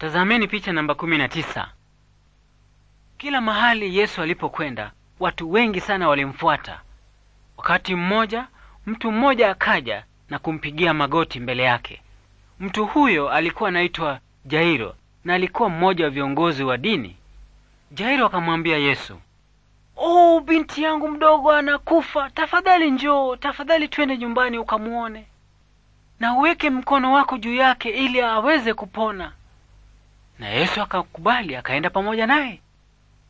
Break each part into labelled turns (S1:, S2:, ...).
S1: Tazameni picha namba kumi na tisa. Kila mahali Yesu alipokwenda, watu wengi sana walimfuata. Wakati mmoja, mtu mmoja akaja na kumpigia magoti mbele yake. Mtu huyo alikuwa anaitwa Jairo na alikuwa mmoja wa viongozi wa dini. Jairo akamwambia Yesu, "Oh, binti yangu mdogo anakufa. Tafadhali njoo, tafadhali twende nyumbani ukamuone. Na uweke mkono wako juu yake ili aweze kupona." na Yesu akakubali, akaenda pamoja naye,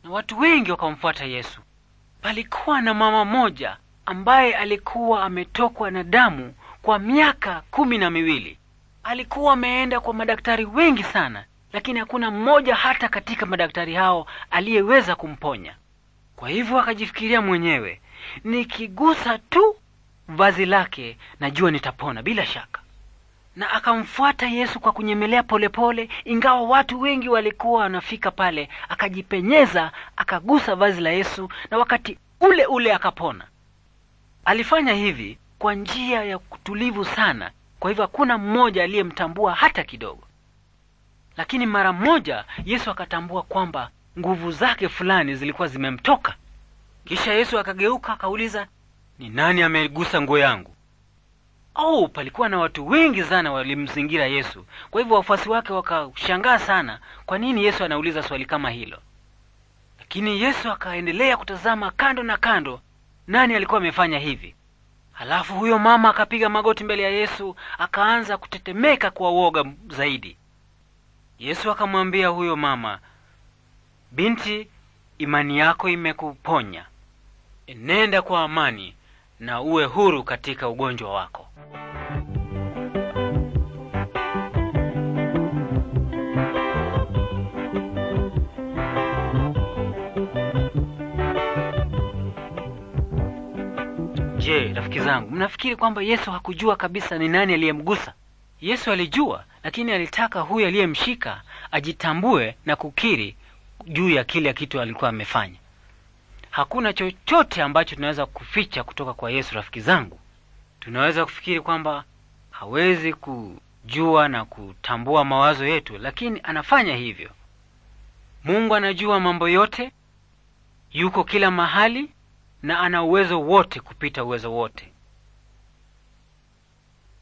S1: na watu wengi wakamfuata Yesu. Palikuwa na mama mmoja ambaye alikuwa ametokwa na damu kwa miaka kumi na miwili. Alikuwa ameenda kwa madaktari wengi sana, lakini hakuna mmoja hata katika madaktari hao aliyeweza kumponya. Kwa hivyo akajifikiria mwenyewe, nikigusa tu vazi lake najua nitapona bila shaka na akamfuata Yesu kwa kunyemelea polepole pole, ingawa watu wengi walikuwa wanafika pale. Akajipenyeza, akagusa vazi la Yesu, na wakati ule ule akapona. Alifanya hivi kwa njia ya kutulivu sana, kwa hivyo hakuna mmoja aliyemtambua hata kidogo. Lakini mara moja Yesu akatambua kwamba nguvu zake fulani zilikuwa zimemtoka. Kisha Yesu akageuka, akauliza, ni nani amegusa nguo yangu? Oh, palikuwa na watu wengi sana walimzingira Yesu. Kwa hivyo wafuasi wake wakashangaa sana, kwa nini Yesu anauliza swali kama hilo? Lakini Yesu akaendelea kutazama kando na kando, nani alikuwa amefanya hivi. Halafu huyo mama akapiga magoti mbele ya Yesu, akaanza kutetemeka kwa woga zaidi. Yesu akamwambia huyo mama, binti, imani yako imekuponya, enenda kwa amani, na uwe huru katika ugonjwa wako. Je, rafiki zangu, mnafikiri kwamba Yesu hakujua kabisa ni nani aliyemgusa? Yesu alijua, lakini alitaka huyu aliyemshika ajitambue na kukiri juu ya kile kitu alikuwa amefanya. Hakuna chochote ambacho tunaweza kuficha kutoka kwa Yesu, rafiki zangu. Tunaweza kufikiri kwamba hawezi kujua na kutambua mawazo yetu, lakini anafanya hivyo. Mungu anajua mambo yote, yuko kila mahali na ana uwezo wote kupita uwezo wote.